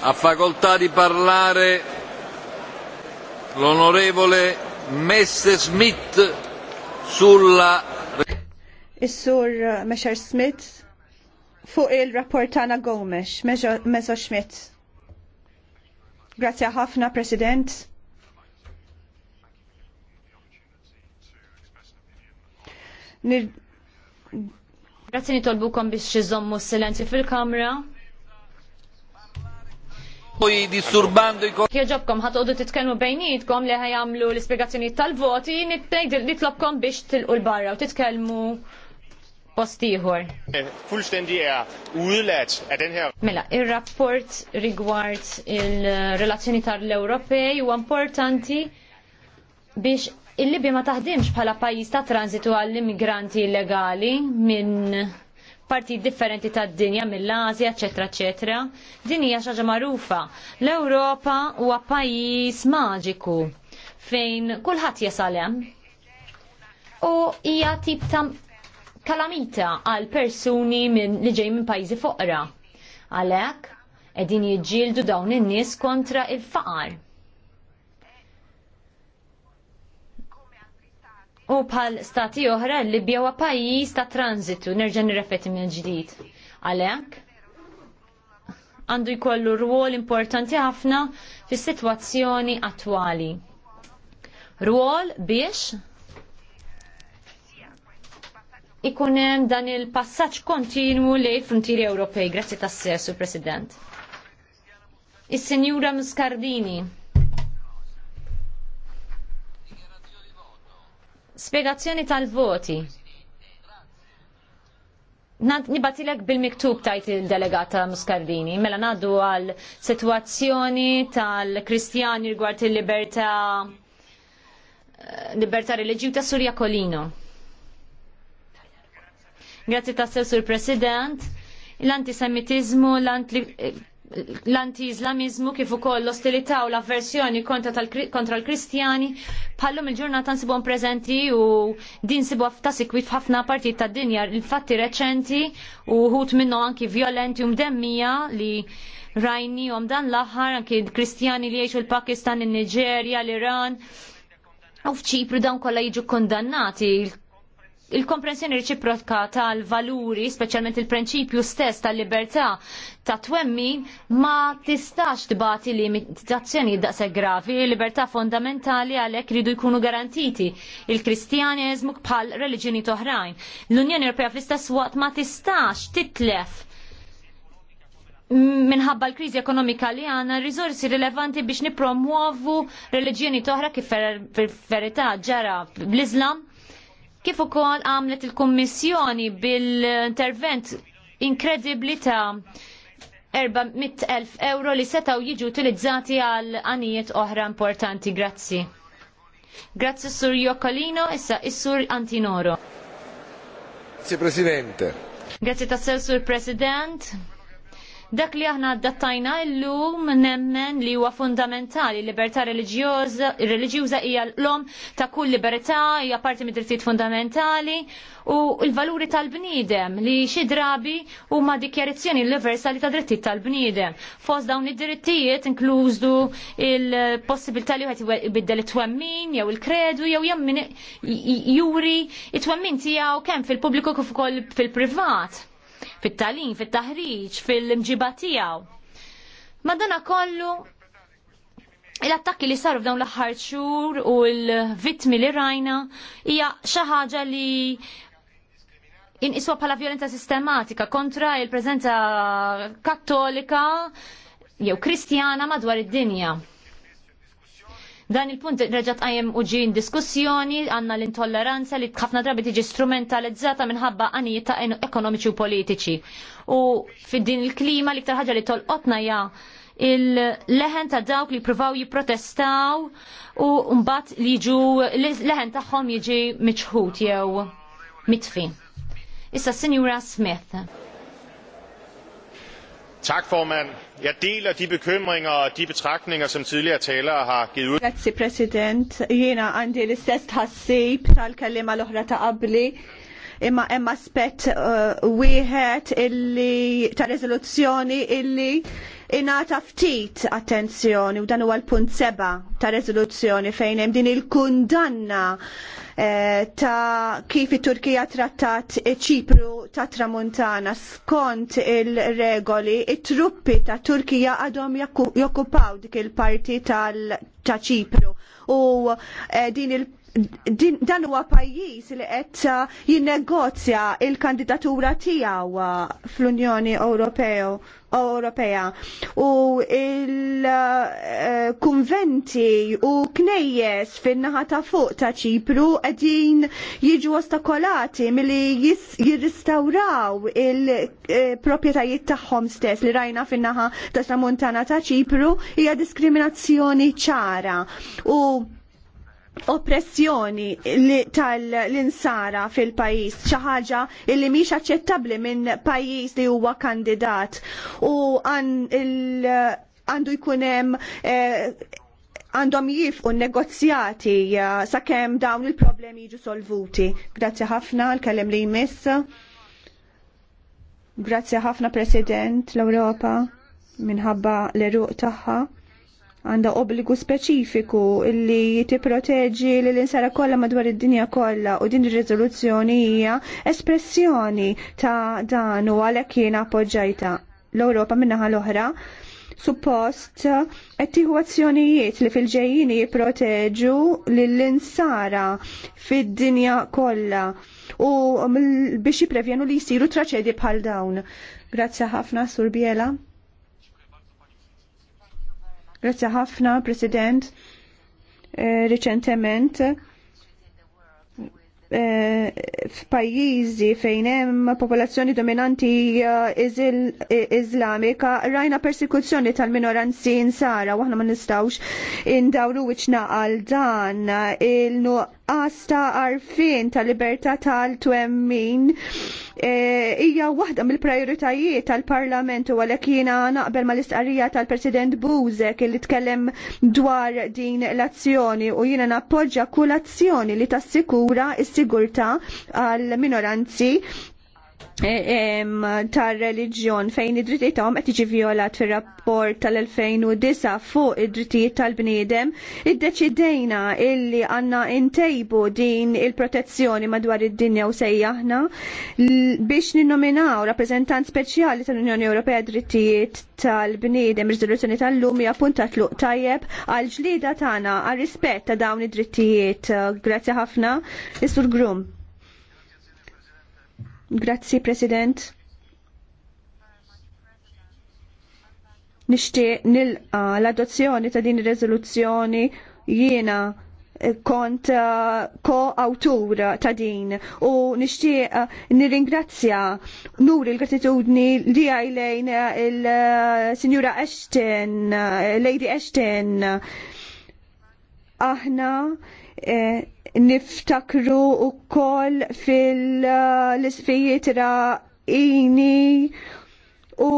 Ha facoltà di parlare l'onorevole Smith sulla. Is-sur uh, Smith fuq il rapportana Gomes, Gomes, Messerschmidt. Grazie ħafna, President. Grazie nitolbukom biex xizommu s-silenzju fil-kamra. Poi disturbando i kolleghi. Jogħġobkom ħatqodu titkellmu bejnietkom li ħajamlu l-ispjegazzjoni tal-voti, nitlobkom biex tilqu l-barra u titkellmu postiħor. Eh, fullstendig er udeladt af den her. Mela, il-rapport rigward il-relazzjoni tal-Ewropej u importanti biex il-Libja ma taħdimx bħala pajjiż ta' transitu għall-immigranti illegali minn parti differenti tad dinja mill-Azja, eċetera, eċetera. Din hija xi ħaġa magħrufa. L-Ewropa huwa pajjiż maġiku fejn kulħadd jesalem U hija tip ta' kalamita għal persuni minn li ġej minn pajjiżi foqra. Għalhekk qegħdin jiġġieldu dawn in-nies kontra il-faqar U bħal stati oħra li bjawa pajis ta' transitu, nerġa' nirrefeti minn ġdid. Għalhekk għandu jkollu rwol importanti ħafna fis sitwazzjoni attwali. Rwol biex ikun hemm dan il-passaġġ kontinwu lejn il-frontieri Ewropej. Grazzi tas-sessu, President. Is-Sinjura Muscardini. spiegazzjoni tal-voti. Nibatilek bil-miktub tajt il-delegata Muscardini, mela naddu għal situazzjoni tal-Kristjani rigward il-libertà eh, libertà religju ta' Surja Kolino. Grazie ta' Sur President, l-antisemitizmu, l-antisemitizmu l-anti-Islamizmu kif ukoll l-ostilità u l-avversjoni kontra l-Kristjani bħallum il-ġurnata nsibhom preżenti u din sibu ta' sikwit f'ħafna partit tad dinja il-fatti reċenti u ħut minnu anki violenti u mdemmija li u dan l-aħħar anki kristjani li jgħixu l-Pakistan, il-Niġerja, l-Iran u f'ċipru dawn kollha jiġu kondannati il-komprensjoni reċiproka tal-valuri, speċjalment il-prinċipju stess tal-libertà ta' twemmin ma tistax tibati limitazzjoni daqse gravi, libertà fondamentali għalhekk ridu jkunu garantiti il-Kristjaneżmu bħal reliġjoni toħrajn. L-Unjoni Ewropea fl-istess waqt ma tistax titlef minħabba l-kriżi ekonomika li għana rizorsi rilevanti biex nipromuovu reliġjoni toħra kif verità ġara bl-Islam kif ukoll għamlet il-Kummissjoni bil-intervent inkredibbli ta' 400.000 euro li setaw jiġu utilizzati għal għanijiet oħra importanti. Grazzi. Grazzi Sur Jokolino, issa Sur Antinoro. Grazie Presidente. Grazie tassel, Sur President. Dak li aħna dattajna illum nemmen li huwa fundamentali, libertà reliġjuża hija l-om ta' kull libertà, hija parti mid drittijiet fundamentali u l-valuri tal-bniedem li xi drabi huma dikjarazzjoni universali ta' drittijiet tal-bniedem. Fost dawn id-drittijiet inklużdu il-possibilità li wieħed ibiddel it-twemmin jew il-kredu jew jemmin juri it-twemmin tiegħu kemm fil-pubbliku kif ukoll fil-privat fit-talin, fit-taħriġ, fil-imġiba tiegħu. Madonna kollu l-attakki li saru f'dawn l-aħħar xhur u l-vittmi li rajna hija xi ħaġa li inqiswa bħala violenza sistematika kontra il-preżenza kattolika jew kristjana madwar id-dinja. Dan il-punt reġat għajem uġin diskussjoni għanna l-intolleranza li ħafna drabi tiġi strumentalizzata minħabba għanijiet ta' ekonomiċi u politiċi. U fid-din il-klima li ktar ħagġa li tolqotna ja il-leħen ta' dawk li provaw jiprotestaw u mbagħad li ġu leħen tagħhom jiġi miċħut jew mitfi. Issa Sinjura Smith. Tak, formand. Jeg deler de bekymringer og de betragtninger, som tidligere talere har givet ud. Grazie, president. Jena għandi l-istess ħassib tal-kellima l-oħra ta' qabli imma hemm aspett uh, wieħed illi ta' riżoluzzjoni illi ingħata ftit attenzjoni u dan huwa l-punt seba ta' rezoluzzjoni fejn hemm din il-kundanna eh, ta' kif it-Turkija trattat ċipru ta' Tramuntana skont il-regoli it-truppi ta' Turkija għadhom jokkupaw dik il-parti tal ta' ċipru u eh, din il dan huwa pajjiż li qed uh, jinnegozja l kandidatura tiegħu uh, fl-Unjoni Ewropew Ewropea u il-kunventi uh, u knejjes fin-naħa ta' fuq ta' Ċipru qegħdin jiġu ostakolati milli jirristawraw il-proprjetajiet tagħhom stess li rajna fin-naħa ta' tramuntana ta' Ċipru hija diskriminazzjoni ċara. U oppressjoni li tal-insara fil-pajis, ħaġa li mhix aċċettabbli minn pajis li huwa kandidat u għandu jkun hemm eh, għandhom jifqu negozjati eh, sakemm dawn il-problemi jiġu solvuti. Grazzi ħafna l-kellem li jmiss. Grazzi ħafna President l-Ewropa minħabba l-eruq tagħha għandha obbligu speċifiku li tipproteġi li l-insara kollha madwar id-dinja kollha u din ir-riżoluzzjoni hija espressjoni ta' dan u għalhekk jien appoġġajta l-Ewropa minnaħa l-oħra suppost qed tieħu azzjonijiet li fil-ġejjini jipproteġu lill-insara fid-dinja kollha u biex jipprevjenu li jsiru traċedji bħal dawn. Grazzi ħafna Sur Biela. Grazie ħafna, President. Eh, recentemente. Eh, f'pajjiżi fejn hemm popolazzjoni dominanti eh, iżlamika rajna persekuzzjoni tal-minoranzi insara u aħna ma nistgħux indawru wiċċna għal dan il-nuqqas ta' arfin ta' libertà tal-twemmin eh, hija waħda mill-prajoritajiet tal-Parlament u għalhekk jiena naqbel mal-istqarrija tal-President Buzek li tkellem dwar din l-azzjoni u jiena nappoġġa kull azzjoni li tassikura is sigurtà għal minoranzi E, tar reliġjon fejn id-drittijiet tagħhom qed jiġi vjolat fir-rapport tal-2009 fuq id-drittijiet tal-bniedem, iddeċidejna illi għandna intejbu din il-protezzjoni madwar id-dinja u sejjaħna biex ninnominaw rappreżentant speċjali tal-Unjoni Ewropea drittijiet tal-bniedem riżoluzzjoni tal-lum hija puntat luq tajjeb għal ġlida tagħna għal rispett ta' dawn id-drittijiet. Grazzi ħafna, Isur Grum. Grazzi, President. Nishtiq nilqa l-adozzjoni ta' din ir-reżoluzzjoni jiena kont ko-autur uh, ta' din u nishtiq uh, nirringrazzja nuri l gratitudni li għajlejn uh, il-Sinjura Ashton, Lady Ashton. Aħna Eh, niftakru u koll fil-isfijiet raqini u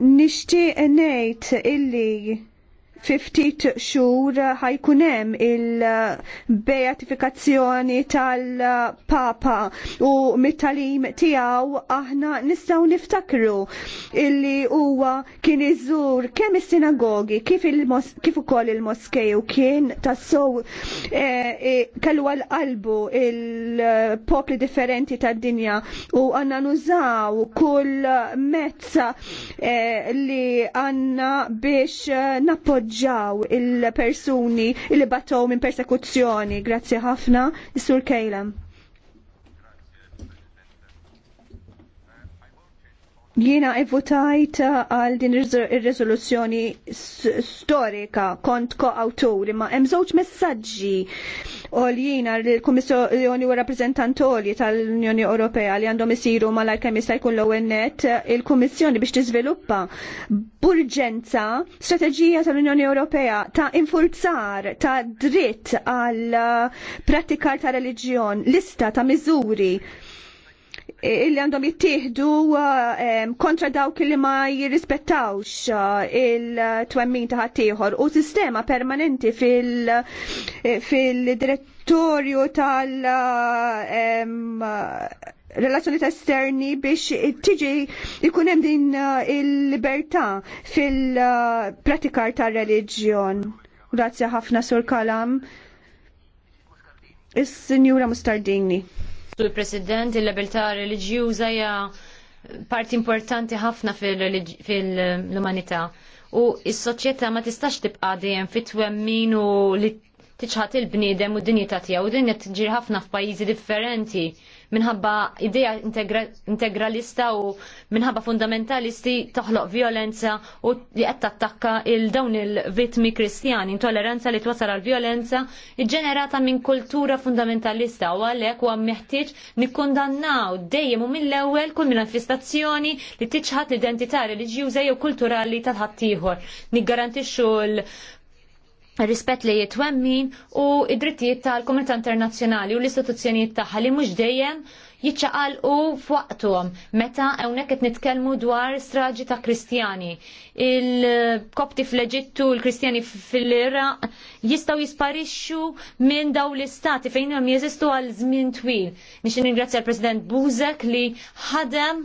nishtiq nejt illi ftit xhur ħajkun hemm il-beatifikazzjoni tal-Papa u mit-talim tiegħu aħna nistgħu niftakru illi huwa kien iżur kemm is-sinagogi kif kif ukoll il-moskej u kien tassew e, eh, eh, kellu għal qalbu il-popli differenti tad-dinja u għanna nużaw kull mezza eh, li għandna biex nappoġġ jappoġġaw il-persuni il-li batow minn persekuzzjoni. Grazzi ħafna, Sur Kejlem. Jiena votajt eh, għal din ir-riżoluzzjoni storika kont ko-awturi ma' hemm żewġ messaġġi jiena l kummissjoni u rappreżentantoli tal-Unjoni Ewropea li għandhom isiru malajr kemm jista' jkun l-ewwel net eh, il-Kummissjoni biex tiżviluppa b'urġenza strateġija tal-Unjoni Ewropea ta' infurzar ta' dritt għal eh, prattikar ta' reliġjon, lista ta' miżuri illi għandhom jittieħdu eh, kontra dawk li ma jirrispettawx eh, il-twemmin ta' ħaddieħor u sistema permanenti eh, fil-direttorju tal- relazzjoni ta' esterni biex tiġi ikun hemm din il-libertà fil-pratikar ta' reliġjon. Grazzi ħafna sur kalam. Is-Sinjura Mustardini għattu il-President, il-libertà religjuża hija parti importanti ħafna fil-umanità. U s-soċjetà ma tistax tibqa' dejjem fit minu u li tiċħat il-bniedem u d-dinjità tiegħu u din qed ħafna f'pajjiżi differenti minħabba ideja integralista u minħabba fundamentalisti toħloq violenza u li qed tattakka il dawn il-vitmi kristjani, intolleranza li twasal għal violenza ġenerata minn kultura fundamentalista u għalhekk huwa meħtieġ nikkundannaw dejjem u mill-ewwel kull manifestazzjoni li tiċħat l-identità reliġjuża jew kulturali tal-ħaddieħor. Niggarantixxu l rispett li jitwemmin u id-drittijiet tal-komunità internazzjonali u l-istituzzjonijiet tagħha li mhux dejjem jiċċaqalqu f'waqthom meta hawnhekk qed nitkellmu dwar straġi ta' Kristjani. Il-Kopti fl-Eġittu, il-Kristjani fil-Iraq jistgħu jisparixxu minn daw l-istati fejn hemm jeżistu għal żmien twil. Nix ningrazzja l-President Buzek li ħadem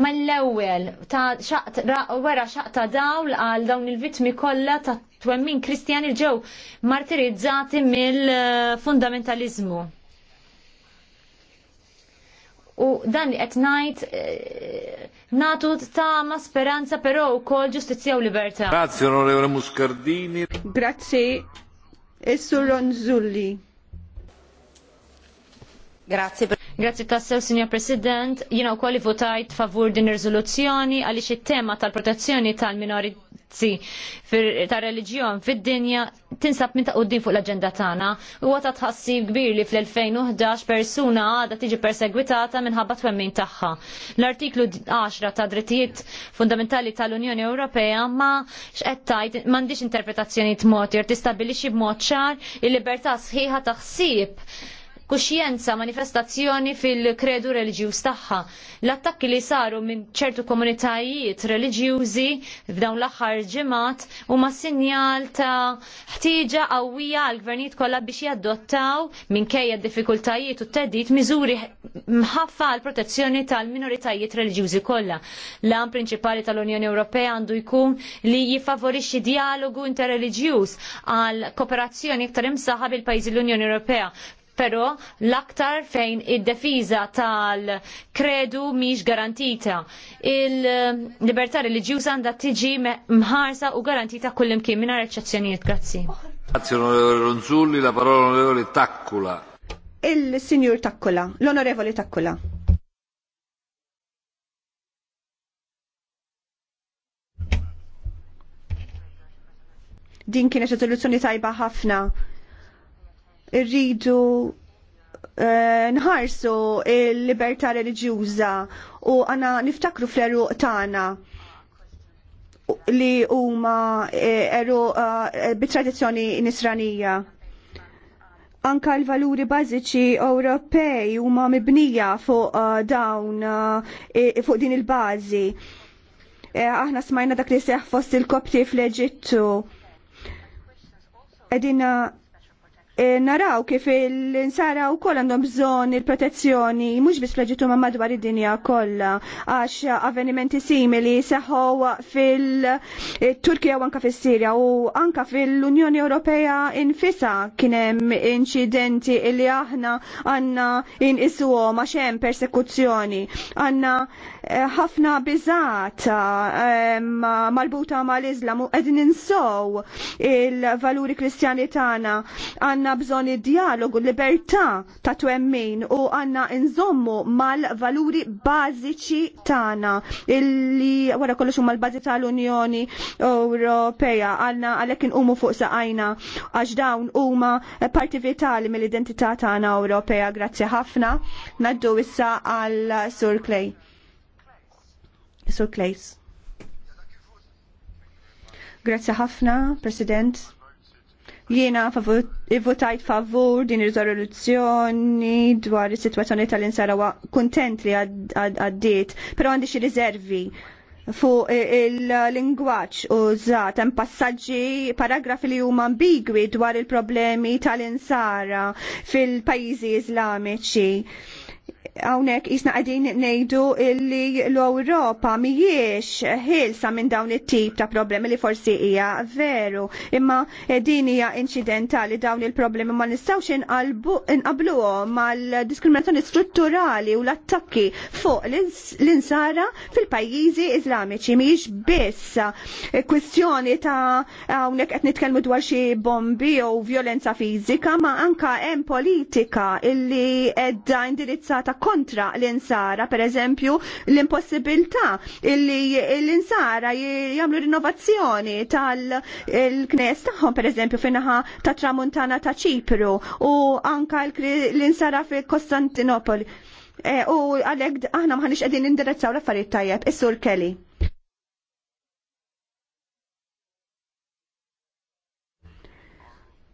mal-ewwel ta' xaqt wara xaqta dawl għal dawn il-vittmi kollha ta' twemmin kristjani ġew martirizzati mill-fundamentalizmu. U dan li qed ngħid eh, natu ma speranza però wkoll ġustizzja u libertà. Grazie onorevole Muscardini. Grazzi Esso Ronzulli. Grazie. Grazie tassew, signor President. Jina u koll votajt favur din rizoluzzjoni għaliex it-tema tal-protezzjoni tal minori minoranzi ta' reliġjon fid-dinja tinsab minn ta' quddin fuq l-aġenda tagħna. Huwa ta' tħassib kbir li fl-2011 persuna għadha tiġi persegwitata minħabba twemmin tagħha. L-artiklu 10 ta' drittijiet fundamentali tal-Unjoni Ewropea ma x'qed tajt m'għandix interpretazzjoni tmod jew tistabbilixxi b'mod ċar il-libertà sħiħa ta' ħsieb kuxjenza manifestazzjoni fil-kredu reliġjuż tagħha. L-attakki li saru minn ċertu komunitajiet reliġjużi f'dawn l-aħħar ġimgħat huma sinjal ta' ħtieġa qawwija għall gvernijiet kollha biex jaddottaw minkejja d-diffikultajiet u t-teddit miżuri mħaffa għal protezzjoni tal-minoritajiet reliġjużi kollha. L-għam prinċipali tal-Unjoni Ewropea għandu jkun li jifavorixxi dialogu interreliġjuż għal kooperazzjoni iktar imsaħħa bil-pajjiżi l-Unjoni Ewropea Però l-aktar fejn id-defiża tal-kredu mhix garantita. Il-libertà reliġjuża għandha tiġi mħarsa u garantita kullimkien mingħajr eċċezzjonijiet. Grazzi. Grazie onorevole Ronzulli, la parola onorevole Takkula. Il-Sinjur Takkula, l onorevoli Takkula. Din kienet soluzzjoni tajba ħafna Irridu eh, nħarsu il-libertà reliġjuża u għana niftakru fl-eruq tagħna li huma eh, eruq eh, bit-tradizzjoni nisranija. Anka l-valuri bażiċi Ewropej huma mibnija fuq dawn fuq din il-bażi. Aħna smajna dak li seħ fost il-kopti fl-Eġittu. Edina E, naraw kif l-insara u koll għandhom bżon il-protezzjoni, mux bis fl ma madwar id-dinja kolla, għax avvenimenti simili seħħu fil-Turkija u anka fil-Sirja u anka fil-Unjoni Ewropea infisa kienem incidenti li aħna għanna in isuwa ma persekuzzjoni, għanna ħafna bizat eh, marbuta mal-Islam u qegħdin ninsow il-valuri kristjani tagħna għandna bżonn id-dialogu, libertà ta' twemmin u għandna nżommu mal-valuri bażiċi tagħna illi wara kollox huma l-bażi tal-Unjoni Ewropea għandna għalhekk inqumu fuq saqajna għax dawn huma parti vitali mill-identità tagħna Ewropea. Grazzi ħafna. Naddu issa għal Sur Clay. Sur Klejs. Grazzi ħafna, President. Jiena votajt favur din ir-riżoluzzjoni dwar is-sitwazzjoni tal-insara kuntent li għaddiet, però għandi xi riservi fuq il-lingwaċ użat hemm passaġġi paragrafi li huma ambigwi dwar il-problemi tal-insara fil-pajjiżi Iżlamiċi. Hawnhekk isna qegħdin ngħidu li l-Ewropa mhijiex ħilsa minn dawn it-tip ta' problemi li forsi hija veru, imma eh, din hija incidentali dawn il-problemi ma nistgħux inqabluhom mal-diskriminazzjoni strutturali u l-attakki fuq l-insara fil-pajjiżi Iżlamiċi mhijiex biss eh, kwistjoni ta' hawnhekk qed nitkellmu dwar xi bombi u violenza fiżika ma anka hemm politika illi edda indirizzata kontra l-insara, per eżempju, l-impossibilità illi l-insara jagħmlu rinnovazzjoni tal-knes tagħhom, per eżempju, finaħa ta' tramuntana ta' Ċipru u anka l-insara fi Kostantinopoli. E, u għalek aħna maħanix għedin indirezzaw l-affarijiet tajjeb, is-sur Kelly.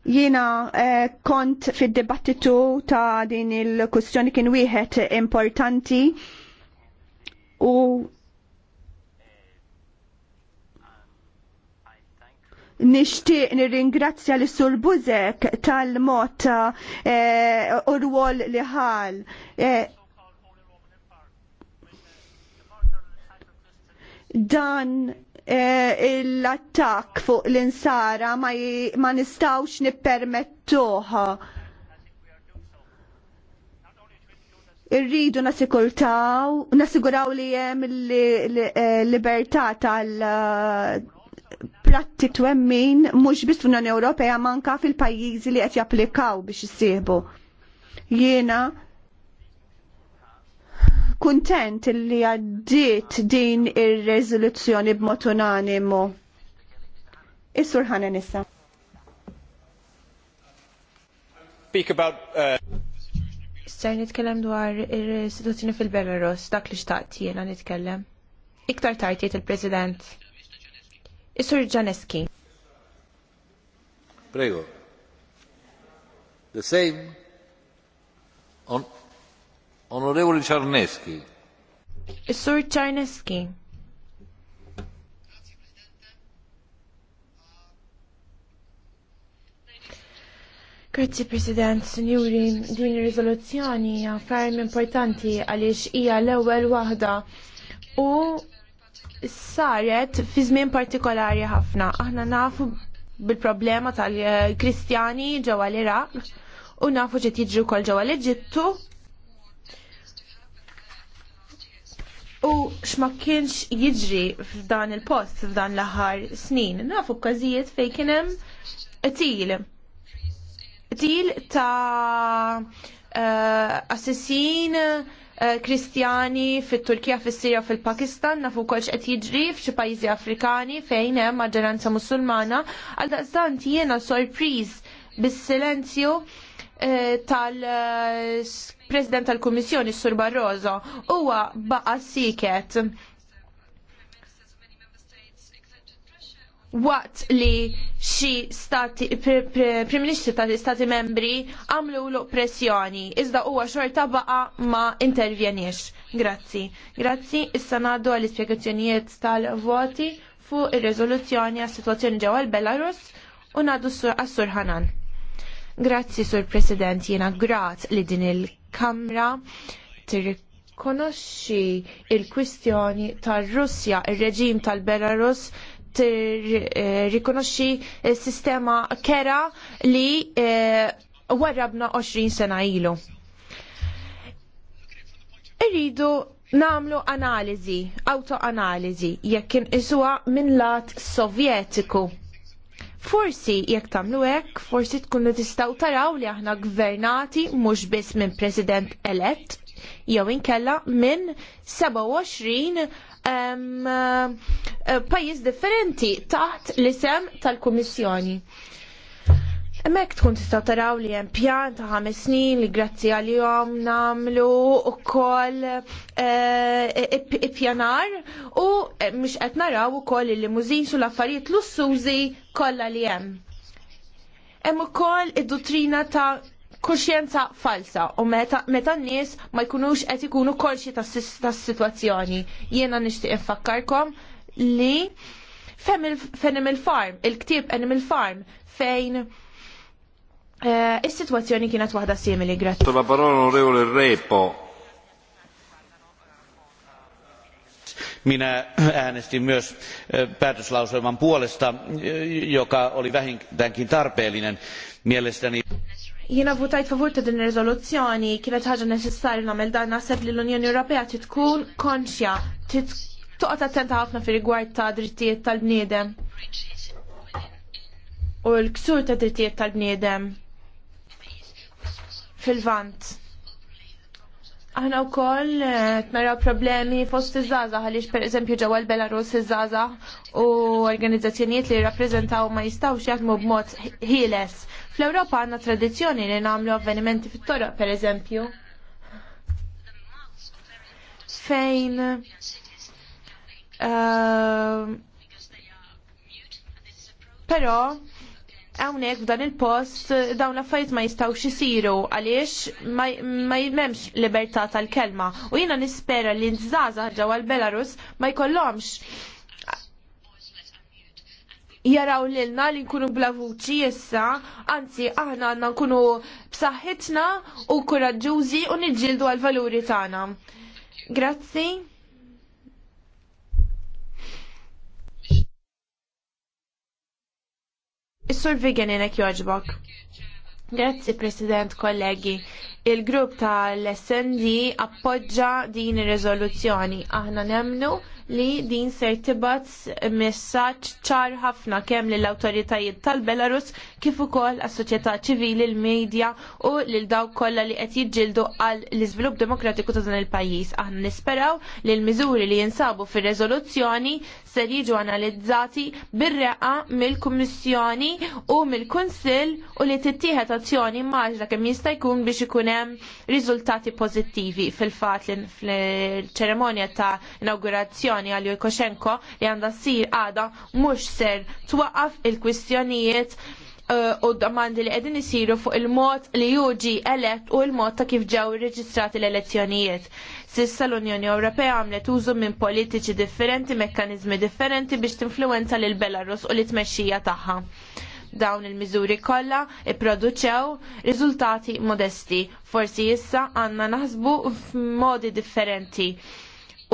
Jiena eh, kont fid-dibattitu ta' din il-kustjoni kien wieħed importanti u nishtiq nirringrazzja l sur Buzek tal-mod eh, u rwol li ħal. Eh, dan Eh, l-attak fuq l-insara ma nistawx nippermettuħa. Irridu nasikultaw, nasiguraw li jem l-libertà eh, tal- eh, pratti twemmin mhux biss fl-Unjoni Ewropea manka fil-pajjiżi li qed japplikaw biex jissiebu. Jiena kuntent li għaddiet din ir rezoluzzjoni b'mod unanimu. Is-sur ħana nissa. Speak about uh, nitkellem dwar il situzzjoni fil-Belarus, dak li xtaqt jiena nitkellem. Iktar tajtiet il-President. Is-Sur Ġaneski. Prego. The same on Onorevoli Czarneski. sur Czarneski. Grazzi President, Sinjuri, din ir-riżoluzzjoni hija importanti għaliex hija l-ewwel waħda u saret fi żmien partikolari ħafna. Aħna nafu bil-problema tal-Kristjani ġewwa l-Iraq u nafu ġiet jiġri wkoll ġewwa l-Eġittu U x'ma kienx jiġri f'dan il-post f'dan l-aħħar snin. Nafu każijiet fejn kien hemm til. Til ta' uh, eh, assassin eh, kristjani fit-Turkija, fis-Sirja, fil-Pakistan, nafu kolx qed jiġri f'xi pajjiżi Afrikani fejn hemm maġġoranza Musulmana, għal daqstant jiena sorpriż bis-silenzju Eh, tal-President tal-Kummissjoni Sur Barroso huwa baqa siket waqt li xi stati prim ministri ta' stati membri għamlu l pressjoni iżda huwa xorta baqa ma intervjenix. Grazzi. Grazzi, issa ngħaddu għall ispjegazzjonijiet tal-voti fuq ir-riżoluzzjoni għas-sitwazzjoni ġewwa l-Belarus u ngħaddu għas-Sur Hanan. Grazzi, Sur President, jena grat li din il-Kamra tirrikonoxxi il-kwistjoni tar-Russja, ir-reġim il tal-Belarus tirrikonoxxi il kwistjoni tar russja ir reġim tal belarus tirrikonoxxi il sistema kera li eh, warrabna 20 sena ilu. Irridu namlu analizi, autoanalizi, jekk inqisuha minn lat sovjetiku Forsi jekk tagħmlu hekk, forsi tkunu tistgħu taraw li aħna gvernati mhux biss minn President elett jew inkella minn 27 um, eh, pajjiż differenti taħt l-isem tal-Kummissjoni. Emmek tkun tista' taraw li hemm pjan ta' ħames snin li grazzi għalihom nagħmlu wkoll eh, ippjanar u mhux qed naraw ukoll il-limużin sul l-affarijiet lussużi kollha li hemm. Hemm ukoll id-dottrina ta' kuxjenza falsa u meta n-nies ma jkunux qed ikunu kolxi tas-sitwazzjoni. Jiena nixtieq infakkarkom li fem il-farm, il-ktib Animal Farm fejn Eh, is-sitwazzjoni kienet waħda simili, grazzi. La parola onorevole Repo. Minä äänestin myös eh, päätöslauselman puolesta, eh, joka oli vähintäänkin tarpeellinen mielestäni. Jina votajt favur ta' din rezoluzzjoni kienet ħaġa neċessarju nagħmel dan naħseb li l-Unjoni Ewropea tkun konxja, toqgħod attenta ħafna fi rigward ta' drittijiet tal-bniedem u l-ksur ta' drittijiet tal-bniedem fil-vant. Aħna wkoll eh, naraw problemi fost iż-żaza għaliex pereżempju ġewwa l-Belarus iż-żaza u organizzazzjonijiet li jirrappreżentaw ma jistgħux jaħdmu b'mod ħieles. Fl-Ewropa għandna tradizzjoni li nagħmlu avvenimenti fit-toroq pereżempju. Fejn uh, hawnhekk f'dan il-post eh, dawn l-affarijiet ma jistgħux isiru għaliex ma jmemx libertà tal-kelma u jiena nispera li nżaża ġewwa l-Belarus ma jkollhomx jaraw lilna li nkunu bla vuċi issa, anzi aħna għandna nkunu b'saħħitna u kuraġġużi u niġġieldu għal-valuri tagħna. Grazzi. Is-sur Vigenin joġbok. Grazzi President kollegi. Il-grupp tal-SND appoġġa din ir-riżoluzzjoni. Aħna nemnu li din ser tibat messaċ ċar ħafna kemm lill awtoritajiet tal-Belarus kif ukoll għas-soċjetà ċivili, l-medja u lil dawk kollha li qed jiġġieldu għal l-iżvilupp demokratiku ta' dan il-pajjiż. Aħna nisperaw li l-miżuri li jinsabu fir-reżoluzzjoni ser jiġu analizzati bir-reqa mill-Kummissjoni u mill-Kunsill u li tittieħed azzjoni maġla kemm jista' jkun biex ikun hemm riżultati pożittivi fil-fatt fil-ċeremonja ta' inaugurazzjoni l-elezzjoni għal Jurkoshenko li għandha ssir għada mhux ser twaqqaf il-kwistjonijiet eh, u domandi li qegħdin isiru fuq il-mod li juġi elett u il-mod ta' kif ġew irreġistrati l-elezzjonijiet. Sissa l-Unjoni Ewropea għamlet użu minn politiċi differenti, mekkaniżmi differenti biex tinfluwenza l Belarus u l-tmexxija tagħha dawn il-miżuri kollha ipproduċew riżultati modesti. Forsi issa għandna naħsbu f'modi differenti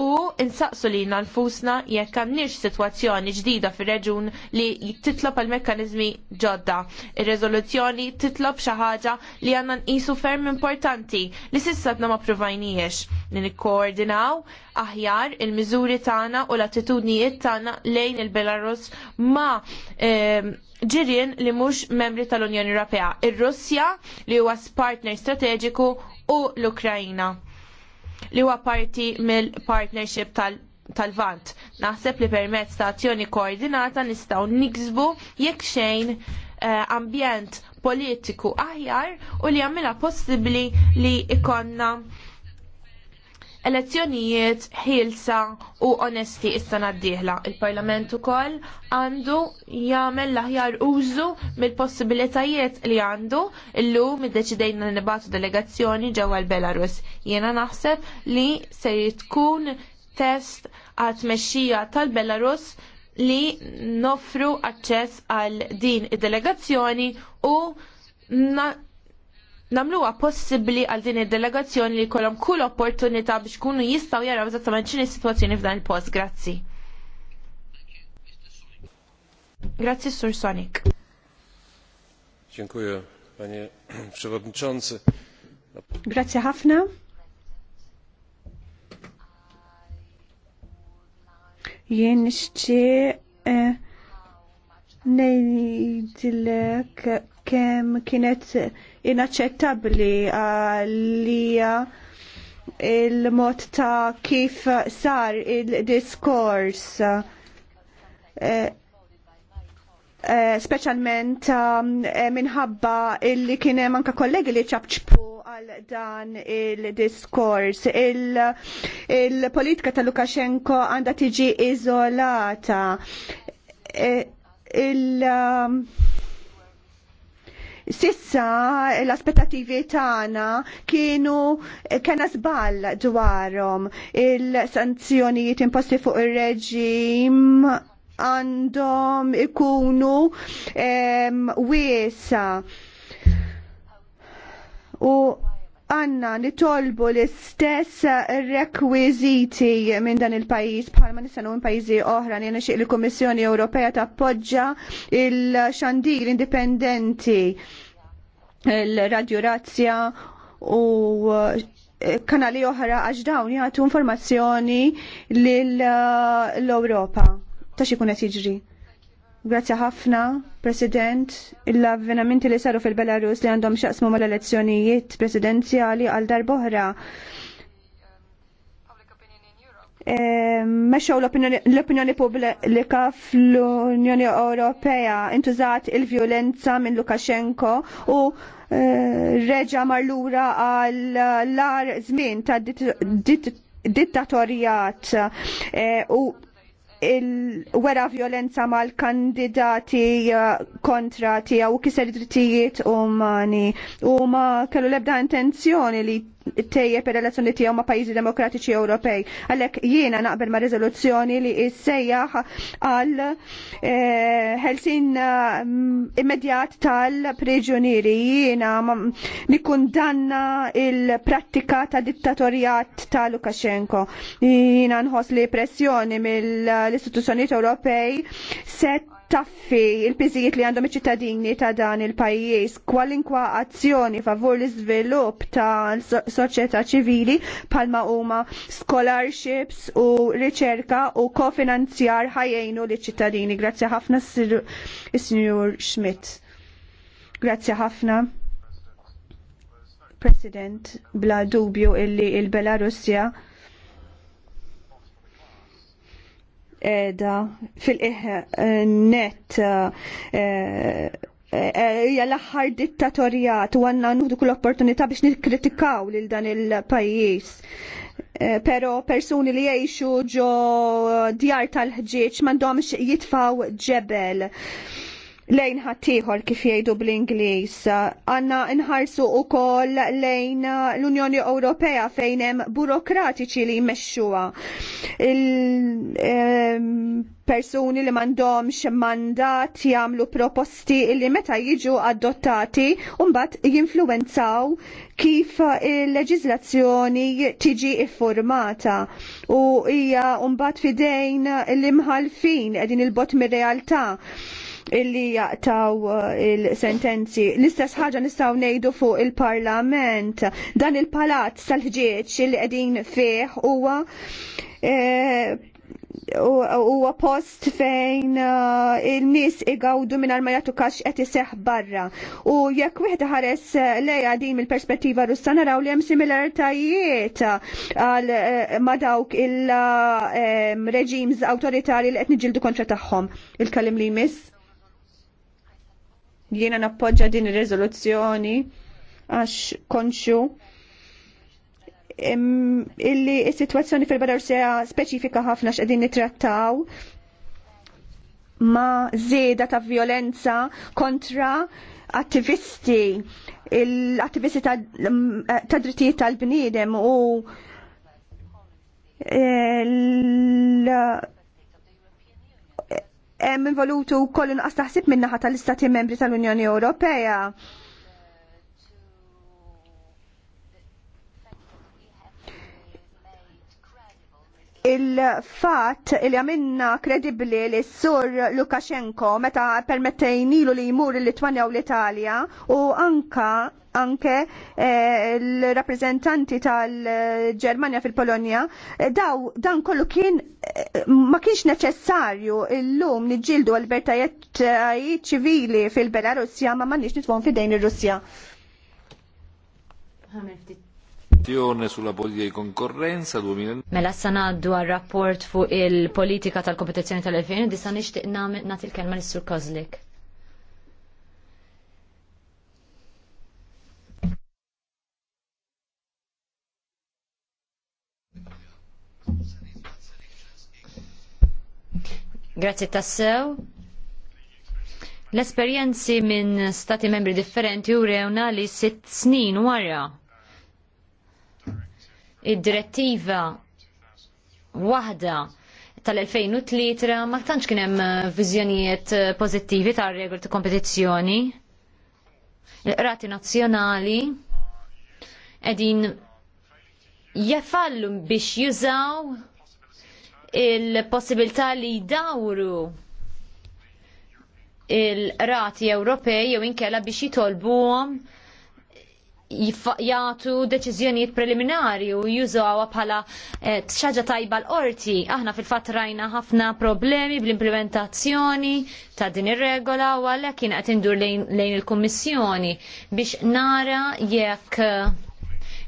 u insaqsu li nfusna jekk għandniex sitwazzjoni ġdida fir-reġun li titlob għal mekkaniżmi ġodda. Ir-riżoluzzjoni titlob xi ħaġa li għandna nqisu ferm importanti li sissatna ma provajnijiex li nikkoordinaw aħjar il-miżuri tagħna u l-attitudnijiet tagħna lejn il-Belarus ma ehm, ġirien li mhux membri tal-Unjoni Ewropea, ir-Russja li huwa partner strateġiku u l-Ukrajna li huwa parti mill-partnership tal- tal-vant. Naħseb li permezz ta' azzjoni koordinata nistgħu niksbu jekk xejn eh, ambjent politiku aħjar u li jagħmilha possibbli li ikonna elezzjonijiet ħilsa u onesti is-sena d-dieħla. Il-Parlament ukoll għandu jagħmel l-aħjar użu mill-possibilitajiet li għandu illum iddeċidejna nibatu delegazzjoni ġewwa l-Belarus. Jiena naħseb li se tkun test għat mexxija tal-Belarus li nofru aċċess għal din id-delegazzjoni u namluwa possibli għal din id-delegazzjoni li kolom kull opportunità biex kunu jistaw jaraw eżattament ċini situazzjoni f'dan il-post. Grazzi. Grazzi, Sur Sonic. Dziękuję, panie przewodniczący. Grazie ħafna. Jien nixtieq eh, ngħidilek kienet inaċċettabbli uh, li uh, il-mod ta' kif sar il-diskors uh, specialment um, eh, minħabba illi kienem anka kollegi li ċabċpu għal dan il-diskors. Il-politika ta' Lukashenko għanda tiġi izolata. Eh, il- um, Sissa l-aspettativi tagħna kienu eh, kena żball dwarhom il-sanzjonijiet imposti fuq ir-reġim għandhom ikunu wiesa u għanna nitolbu l-istess rekwiziti minn dan il-pajis bħalma nistgħu minn pajizi oħra jena xieq l-Kommissjoni Ewropea tappoġġa il-xandir indipendenti il-radio razzja u eh, kanali oħra għax dawn jgħatu informazzjoni eh, l-Europa. Ta' xie kunet jiġri? Grazzi ħafna, President. Il-avvenamenti li saru fil-Belarus li għandhom xaqsmu mal-elezzjonijiet presidenziali għal darboħra. E, eh, l-opinjoni pubblika fl-Unjoni Ewropea intużat il-vjolenza minn Lukashenko u eh, reġa marlura għal lar żmien ta' dittatorijat eh, u il-wera violenza mal-kandidati uh, kontra tiegħu kiser drittijiet umani u ma kellu l-ebda intenzjoni li tejje per relazzjoni tiegħu ma' pajjiżi demokratiċi Ewropej. Għalhekk jiena naqbel ma' rezoluzzjoni li jissejjaħ għal eh, ħelsin eh, immedjat tal preġjoniri Jiena kundanna il-prattika ta' dittatorjat ta' Lukashenko. Jiena nħoss li pressjoni mill-istituzzjonijiet Ewropej set taffi il-piżijiet li għandhom iċ-ċittadini ta' dan il-pajjiż, kwalinkwa azzjoni favur l-iżvilupp ta' soċjetà ċivili palma huma scholarships u riċerka u kofinanzjar ħajjejnu li ċittadini. Grazzi ħafna s-Sinjur Schmidt. Grazzi ħafna. President, bla dubju illi il-Belarusja il belarusja edha fil-iħ eh, net eh, eh, hija l-aħħar dittatorjat u għanna nuħdu kull opportunità biex nikkritikaw lil dan il-pajjiż. Pero persuni li jgħixu ġo djar tal-ħġieġ m'għandhomx jitfaw ġebel lejn ħaddieħor kif jgħidu bl-Ingliż. Għandna nħarsu wkoll lejn l-Unjoni Ewropea fejn hemm burokratiċi li jmexxuha. persuni li m'għandhomx mandat jagħmlu proposti li meta jiġu adottati ad mbagħad jinfluwenzaw kif il-leġiżlazzjoni tiġi iffurmata u hija mbagħad fidejn l-imħalfin qegħdin il-bot mir-realtà illi jaqtaw uh, il-sentenzi. L-istess ħaġa nistgħu ngħidu fuq il-Parlament. Dan il-palazz tal ħġieċ li qegħdin fih huwa eh, huwa post fejn eh, il-nies igawdu minn ma jagħtu kax qed iseħħ barra. U jekk wieħed ħares eh, lejha din mill-perspettiva russa naraw li hemm similaritajiet għal ma dawk il-reġims awtoritarji li qed niġildu kontra tagħhom. Il-kalim li jmiss. Jiena nappoġġa din ir-riżoluzzjoni għax konxu illi s-sitwazzjoni fil-Badar sea speċifika ħafna x'qegħdin nittrattaw ma' żieda ta' violenza kontra attivisti l-attivisti ta mm, drittijiet tal-bniedem u eh, l involutu wkoll inqas taħsib min-naħa tal-Istati Membri tal-Unjoni Ewropea. il-fat il għamilna kredibli li s-sur Lukashenko meta permettejni li jmur il-Litwanja u l-Italja u anka anke eh, l-rappreżentanti tal-Ġermanja fil-Polonja, eh, daw dan kollu kien eh, ma kienx neċessarju illum niġildu għal-bertajiet ċivili fil-Belarusja ma m'għandniex nitfon fidejn ir-Russja. Mela s-sana għal rapport fuq il-politika tal-kompetizjoni tal-2000, disa nishtiq nagħmel nagħti l-kelma l-Sur Kozlik. Grazzi tassew. L-esperjenzi minn stati membri differenti u rewna li sitt snin wara. Id-direttiva waħda tal-2003 ma tantx kien hemm viżjonijiet pożittivi tar-regoli ta' kompetizzjoni. Rati nazzjonali qegħdin jefallu biex jużaw il-possibilità li jdawru il-rati Ewropej jew inkella biex jitolbuhom jagħtu deċiżjonijiet preliminari u jużawha bħala eh, xaġa tajba l-qorti. Aħna fil-fatt rajna ħafna problemi bl-implementazzjoni ta' din ir-regola u għalhekk kien qed indur lejn il-Kummissjoni biex nara jekk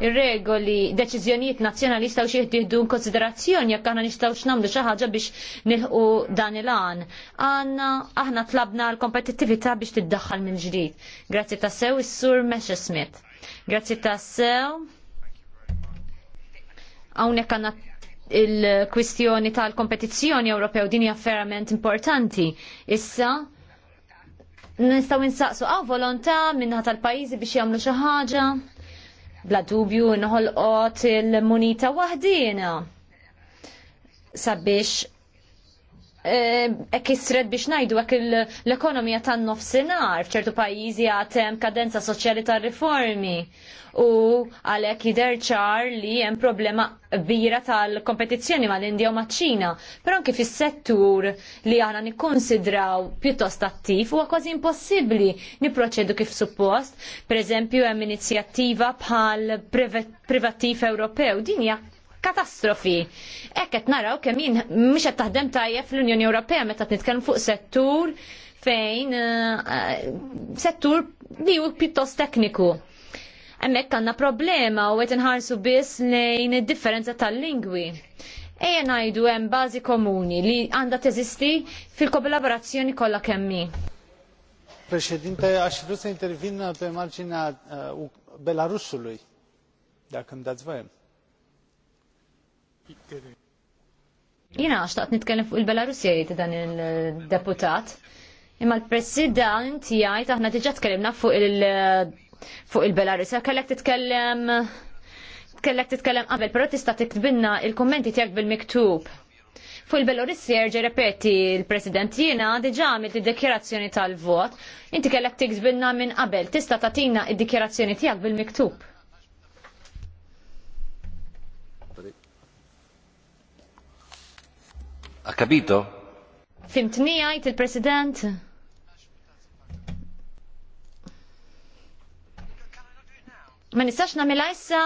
ir-regoli, deċiżjonijiet nazzjonali jistgħu xi jittieħdu konsiderazzjoni jekk aħna nistgħux nagħmlu xi ħaġa biex nilħu dan il-għan. Għandna aħna tlabna l-kompetittività biex tiddaħħal minn ġdid. Grazzi tassew is-sur Mesha Smith. Grazzi tassew. Hawnhekk għandna il-kwistjoni tal-kompetizzjoni Ewropew din hija ferament importanti. Issa, Nistgħu nsaqsu għaw volontà minnaħa tal pajjiżi biex jagħmlu xi ħaġa bla dubju nħolqot il-munita wahdina sabiex Eh, ek isred biex najdu ek l-ekonomija tan nofsinar fċertu pajizi għatem kadenza soċjali ta' riformi u għalek ċar li jem problema kbira tal-kompetizzjoni ma' l-Indija u maċ ċina. Pero anki fis settur li għana nikkonsidraw pjuttost attiv u kważi impossibli niproċedu kif suppost. Per eżempju, hemm inizjattiva bħal privattiv Ewropew. Din hija katastrofi. Hekk qed naraw kemm jien mhix qed taħdem tajjeb fl-Unjoni Ewropea meta nitkellem fuq settur fejn eh, settur li hu pjuttost tekniku. Hemmhekk għandna problema u qed inħarsu biss lejn id-differenza tal-lingwi. Ejja ngħidu hemm bażi komuni li għandha teżisti fil-kollaborazzjoni kollha kemmi. Preċedinte, għax vrea să intervin pe marginea uh, Belarusului, dacă îmi dați Jina xtaqt nitkellem fuq il-Belarusja jgħid dan il-deputat. Imma l-President jgħid aħna diġà tkellimna fuq il- fuq il-Belarusja kellek titkellem kellek titkellem qabel, però tista' tiktbinna il-kummenti tiegħek bil-miktub. Fuq il-Belarusja jerġa' repeti l-President jiena diġà għamilt id-dikjerazzjoni tal-vot, inti kellek tiktbinna minn qabel, tista' tagħtina id-dikjerazzjoni tiegħek bil-miktub. Ha capito? Fimtni għajt il-President? Ma nistax namela issa?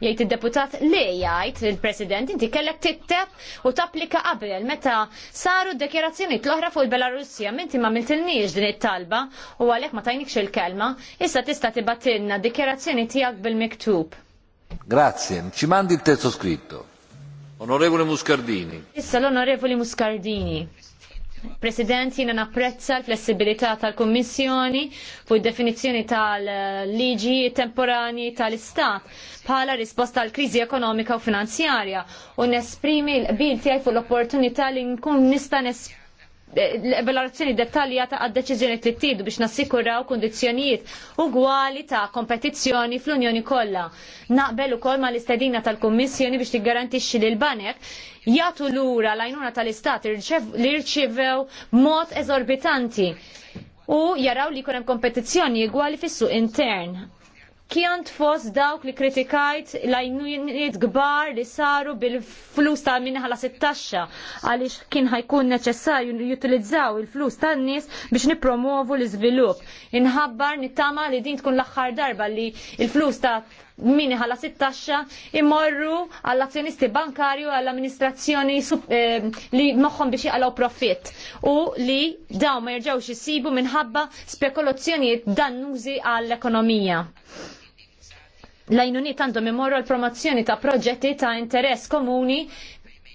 jgħid id-deputat li jgħid il-President inti kellek titteb u tapplika qabel meta saru d-dekjerazzjoni l-oħra fuq il-Belarusja minti ma miltilniex din it-talba u għalhekk ma tajnikx il-kelma issa tista' tibatilna d-dekjerazzjoni tiegħek bil-miktub. Grazie, ci mandi il testo scritto. Onorevole Muscardini. Issa l-Onorevoli Muscardini. President, jina napprezza l-flessibilità tal-Kommissjoni fuq id-definizzjoni tal-liġi temporani tal-Istat bħala risposta għal kriżi ekonomika u finanzjarja u nesprimi l-qbil tiegħi fuq l-opportunità li nkun nista' nesprimi l evaluazzjoni dettaljata għad deċiżjoni li ttieħdu biex nassikuraw kundizzjonijiet ugwali ta' kompetizzjoni fl-Unjoni kollha. Naqbel ukoll mal istedina tal-Kummissjoni biex tiggarantixxi lil banek jagħtu lura l-għajnuna tal-Istat li rċivew mod eżorbitanti u jaraw li jkun hemm kompetizzjoni igwali fis-suq intern kien tfos dawk li kritikajt lajnuniet gbar li saru bil-flus ta' minna ħala 16 għalix kien ħajkun neċessarju jutilizzaw il-flus ta' nis biex nipromovu l-izvilup. Inħabbar nittama li din tkun l-axħar darba li il-flus ta' minni ħala 16 imorru għall-azzjonisti bankarju għall-amministrazzjoni eh, li moħħom biex jgħalaw profit u li daw ma jirġawx jisibu minħabba spekulazzjonijiet dannużi għall-ekonomija l-għajnuniet għandhom imorru l-promozzjoni ta' proġetti ta' interess komuni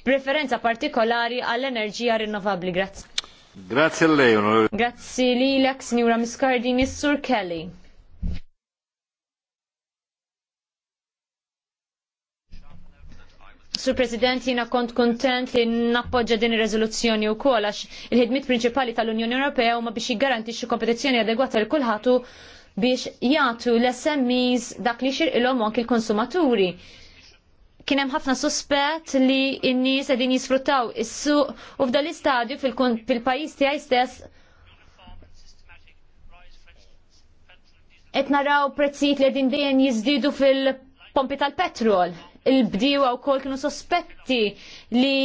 preferenza partikolari għall-enerġija rinnovabli. Grazzi. Grazie a lei, onorevole. Grazie li l signora Miscardini, Sur Kelly. Sur President, jina kont kontent li nappoġġa din ir-reżoluzzjoni wkoll għax il-ħidmit prinċipali tal-Unjoni Ewropea huma biex jiggarantixxu kompetizzjoni adegwata l kulħatu biex jagħtu l-SMEs dak li xirqilhom anki l-konsumaturi. Kien hemm ħafna suspett li n-nies qegħdin jisfruttaw is-suq u f'dan l-istadju fil-pajjiż tiegħi stess qed naraw prezzijiet li qegħdin dejjem jiżdiedu fil-pompi tal-petrol. Il-bdiewa wkoll kienu sospetti li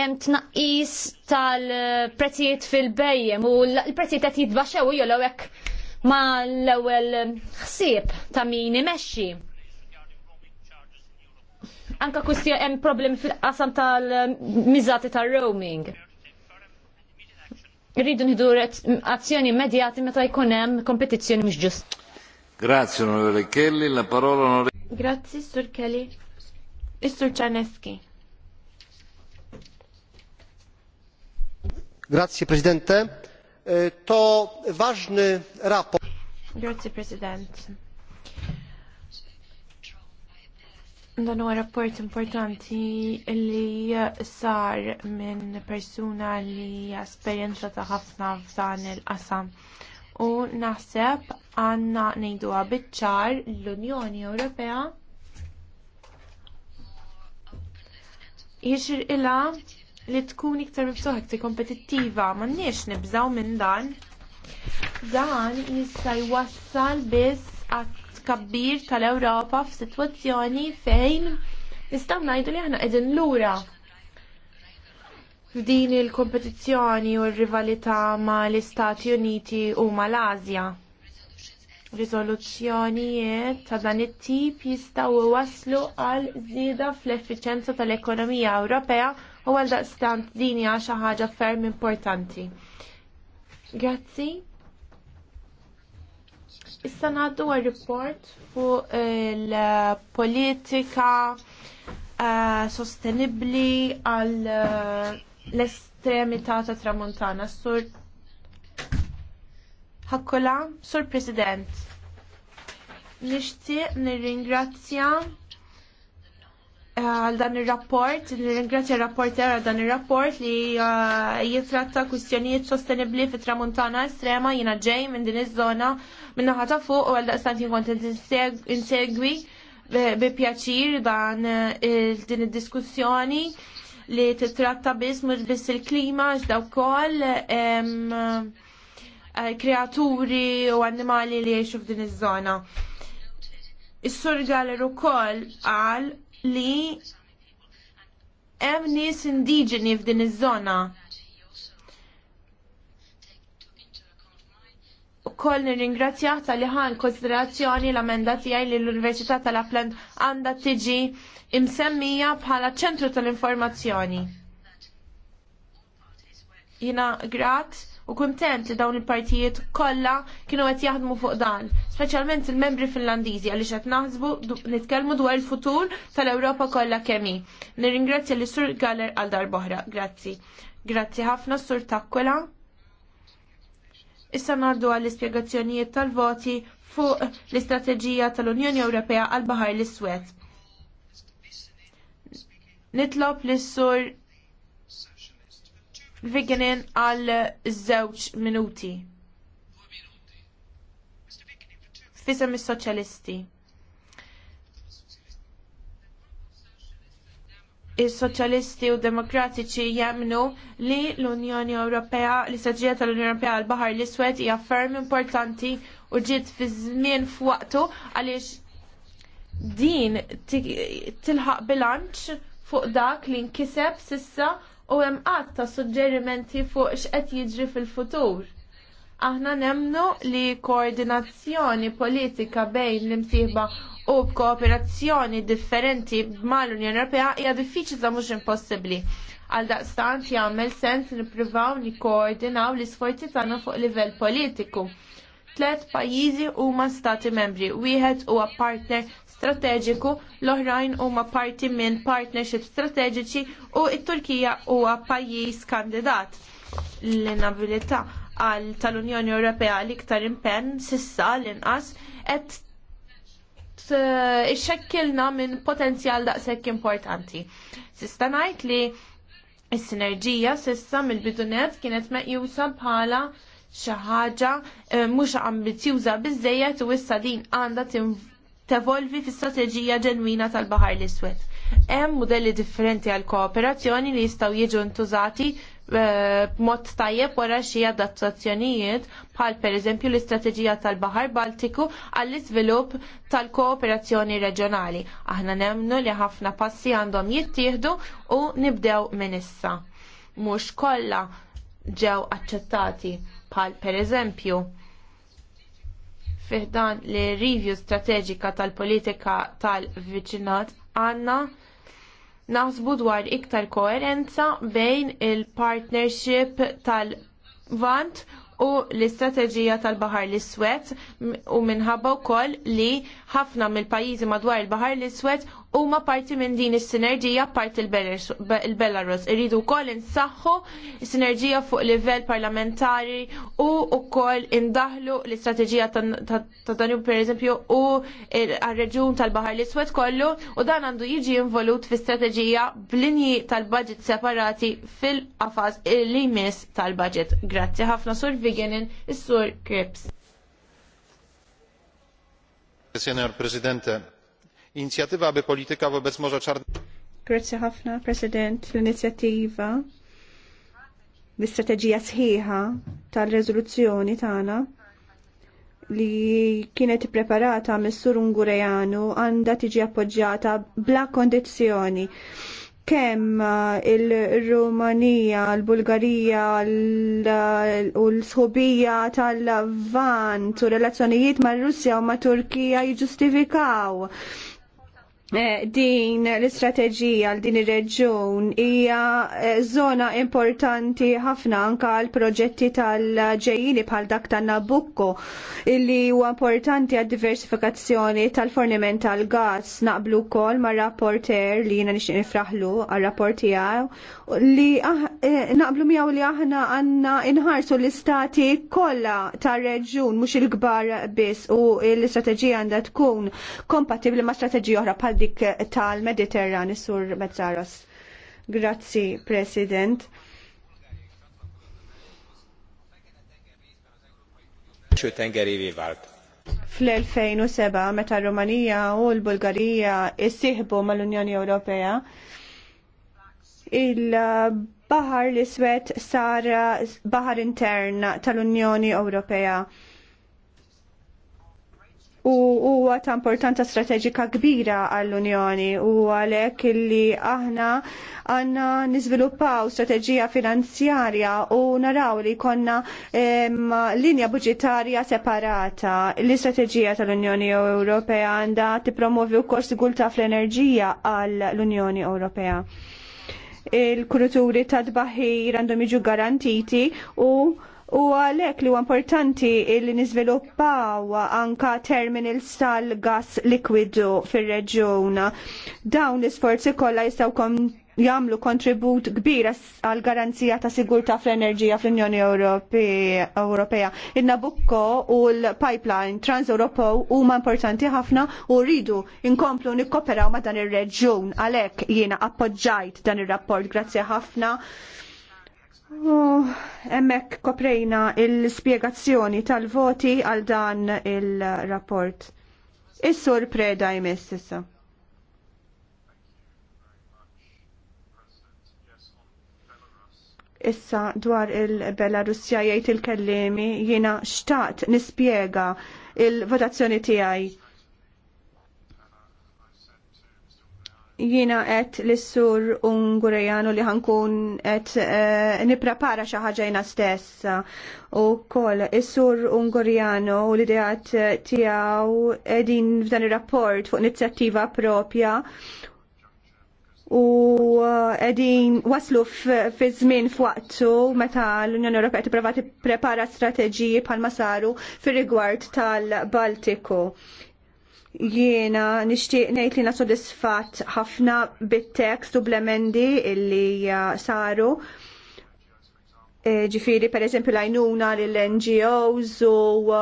hemm tnaqqis tal-prezzijiet fil-bejjem u l-prezzijiet qed jitbaxxew jew hekk ma l-ewwel ħsieb ta' min imexxi. Anka kwistja hemm problemi fil-qasam tal-miżati tar-roaming. Irridu nħidu azzjoni immedjati meta jkun hemm kompetizzjoni mhux ġust. Grazie onorevole Kelly, la parola onorevole. Grazie Sur Kelly. Istur sur Czarneski. Grazie Presidente. E, to ważny raport. Grazie President. Dan huwa rapport importanti li sar minn persuna li esperjenza ta' ħafna f'dan il-qasam. U naħseb għandna ngħiduha biċ-ċar l-Unjoni Ewropea jixir ila li tkun iktar miftuħa iktar kompetittiva, ma nix nibżaw minn dan. Dan jista' jwassal biss għat kabbir tal-Ewropa f'sitwazzjoni fejn nistaw ngħidu li aħna qegħdin lura f'din il-kompetizzjoni u r-rivalità ma l-Istati Uniti u ma l-Azja. Riżoluzzjonijiet ta' dan it-tip jistgħu waslu għal żieda fl-effiċenza tal-ekonomija Ewropea u għal daqstant din hija xi ħaġa ferm importanti. Grazzi. Issa ngħaddu għal report fuq il-politika eh, sostenibli sostenibbli għal eh, l-estremità ta' tramuntana. Sur Hakkola, Sur President, nixtieq nirringrazzja għal dan il-rapport, ringrazzja il-rapporter għal dan il-rapport li uh, jitratta kwistjonijiet sostenibli fit tramuntana estrema jina ġej minn din iż-żona minn ta' fuq u għal daqstant kont insegwi bi pjaċir dan uh, din id-diskussjoni li titratta biss mhux biss il-klima iżda wkoll uh, kreaturi u annimali li jgħixu f'din iż-żona. Is-sur Galler ukoll qal li hemm nies indiġeni f'din iż-żona. Ukoll nirringrazzjah tal ħan konsiderazzjoni l-amenda tiegħi li l-Università tal-Apland għandha tiġi imsemmija bħala ċentru tal-informazzjoni. Jina grat u kuntent li dawn il-partijiet kollha kienu qed jaħdmu fuq dan, speċjalment il-membri Finlandiżi għaliex qed naħsbu nitkellmu dwar il-futur tal-Ewropa kollha kemm hi. Nirringrazzja li Sur Galler għal dar boħra. Grazzi. Grazzi ħafna Sur Takkola. Issa ngħaddu għall ispjegazzjonijiet tal-voti fuq l-istrateġija tal-Unjoni Ewropea għal Baħar l-Iswed. Nitlob lis sur Viginin għal żewġ minuti. Fisem is-soċjalisti. Is-soċjalisti u demokratiċi jemnu li l-Unjoni Ewropea, l saġġija tal-Unjoni Ewropea għal baħar l-Iswed hija ferm importanti u ġiet fi żmien f'waqtu għaliex din tilħaq bilanċ fuq dak li nkiseb sissa u hemm qatt ta' suġġerimenti fuq x'qed jiġri fil-futur. Aħna nemnu li koordinazzjoni politika bejn l-imsieħba u kooperazzjoni differenti mal-Unjoni Ewropea hija diffiċli ta' mhux impossibbli. Għal daqstant jagħmel sens nippruvaw nikkoordinaw l-isforzi tagħna fuq livell politiku tlet pajjiżi huma stati membri, wieħed huwa partner strateġiku, l-oħrajn huma parti minn partnership strateġiċi u it-Turkija huwa pajjiż kandidat l-inabilità tal-Unjoni Ewropea l-iktar impenn sissa l-inqas qed ixekkilna minn potenzjal daqshekk importanti. Sista ngħid li s-sinerġija sissa mill-bidunet kienet meqjusa bħala xi ħaġa eh, mhux ambizjuża biżejjed u issa din għandha tevolvi fi strateġija ġenwina tal bahar l-Iswed. Hemm modelli differenti għal kooperazzjoni li jistgħu jiġu ntużati eh, b'mod tajjeb wara xi adattazzjonijiet bħal pereżempju l-istrateġija tal-Baħar Baltiku għall iżvilupp tal-kooperazzjoni reġjonali. Aħna nemmnu li ħafna passi għandhom jittieħdu u nibdew minn issa. Mhux kollha ġew aċċettati bħal pereżempju fiħdan li review strateġika tal-politika tal-viċinat għanna naħsbu dwar iktar koerenza bejn il-partnership tal-vant u l-istrateġija tal-Bahar l-Iswed u minħabba wkoll li ħafna mill-pajjiżi madwar il-Bahar l-Iswed huma parti minn din is-sinerġija part il-Belarus. Irridu wkoll insaħħu sinerġija fuq livell parlamentari u wkoll indaħlu l-istrateġija ta' Danju pereżempju u għar-reġjun tal-Baħar l-Iswed kollu u dan għandu jiġi involut fl-istrateġija b'linji tal-budget separati fil-qafas li jmiss tal-budget. Grazzi ħafna sur Viginin, is-sur Krips. Signor Presidente, Inicjatywa, aby polityka wobec Morza Czarnego. Grazie ħafna, President, l-inizjattiva l-istrateġija sħiħa tal-rezoluzzjoni tagħna li kienet preparata mis-sur Ungurejanu għandha tiġi appoġġjata bla kondizzjoni kemm uh, il-Rumanija, l-Bulgarija u l sħubija tal-Vant u relazzjonijiet mar russja u mat Turkija jiġustifikaw Eh, din l-istrateġija għal din ir-reġjun hija żona eh, importanti ħafna anka għal proġetti tal-ġejjini bħal dak ta' Nabucco illi huwa importanti għad diversifikazzjoni tal-forniment tal gass naqblu wkoll ma' rapporter li jiena nixtieq nifraħlu għal rapport tiegħu li eh, naqblu miegħu li aħna għandna inħarsu l-istati kollha tar-reġjun mhux il-kbar biss u l-istrateġija għandha tkun kompatibbli ma' strateġija oħra bħal dik tal-Mediterran, sur Mezzaros. Grazzi, President. Fl-2007, meta Rumanija u l-Bulgarija issieħbu mal-Unjoni Ewropea, il-Bahar l-Iswed sar Bahar intern tal-Unjoni Ewropea u huwa ta' importanza strateġika kbira għall-Unjoni u għalhekk illi aħna għandna niżviluppaw strateġija finanzjarja u naraw li konna em, linja budġetarja separata. L-istrateġija tal-Unjoni Ewropea għandha tippromovi wkoll sigurtà fl-enerġija għall-Unjoni Ewropea. Il-kuruturi ta' dbaħir għandhom jiġu garantiti u U għalek li huwa importanti li niżviluppaw anka terminals tal-gas likwidu fir reġjuna Dawn l-isforzi kollha jistgħu jagħmlu kontribut kbir għal garanzija ta' sigurtà fl-enerġija fl-Unjoni Ewropea. In-Nabucco u l-pipeline Trans-Europew huma importanti ħafna u rridu inkomplu nikkoperaw ma' dan ir-reġjun għalhekk jiena appoġġajt dan ir-rapport. Grazzi ħafna. U emmek koprejna il-spiegazzjoni tal-voti għal dan il-rapport. Is-sur preda jmessissa. issa. Issa dwar il-Belarusja jgħid il-kellimi jiena xtaqt nispjega il-votazzjoni tiegħi jiena qed l-sur Ungurejanu li ħankun qed niprapara eh, nipprepara xi ħaġa stessa u koll is-sur Ungurjanu u d ideat tiegħu qegħdin f'dan ir-rapport fuq inizjattiva propja u eh, qegħdin waslu fi żmien f'waqtu meta l-Unjoni Ewropea tipprova tipprepara strateġiji bħal masaru fir-rigward tal-Baltiku Jiena nixtieq ngħid li sodisfatt ħafna bit-tekst u blemendi illi uh, saru Eh, ġifiri per eżempju lajnuna l-NGOs u uh,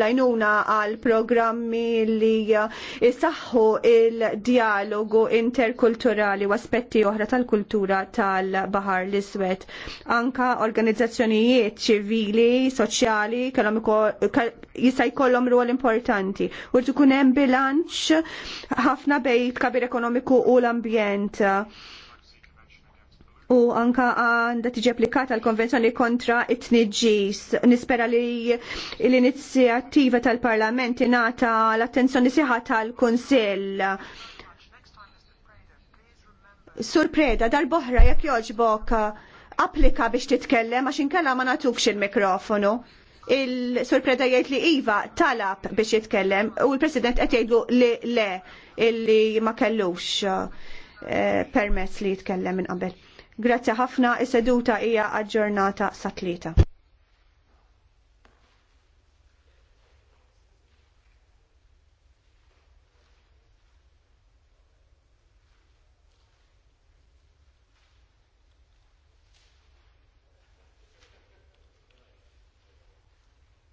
lajnuna għal programmi li jisaxħu uh, il-dialogu interkulturali u aspetti oħra tal-kultura tal-Bahar l-Iswed. Anka organizzazzjonijiet ċivili, soċjali, jista' jkollhom rol importanti. U tkun hemm bilanċ ħafna bejn kabir ekonomiku u l-ambjent u anka għandha tiġi applikata l-konvenzjoni kontra it-tniġġis. Nispera li l-inizjattiva tal-Parlament ingħata l-attenzjoni siħa tal-Kunsill. Sur Preda, dal-boħra jekk joġbok applika biex titkellem għax inkella ma natukx il-mikrofonu. Il-Sur Preda jgħid li Iva talab biex jitkellem u l-President qed jgħidu li le illi ma kellux eh, permezz li jitkellem minn qabel. Grazzi ħafna, is-seduta hija aġġornata sa tlieta.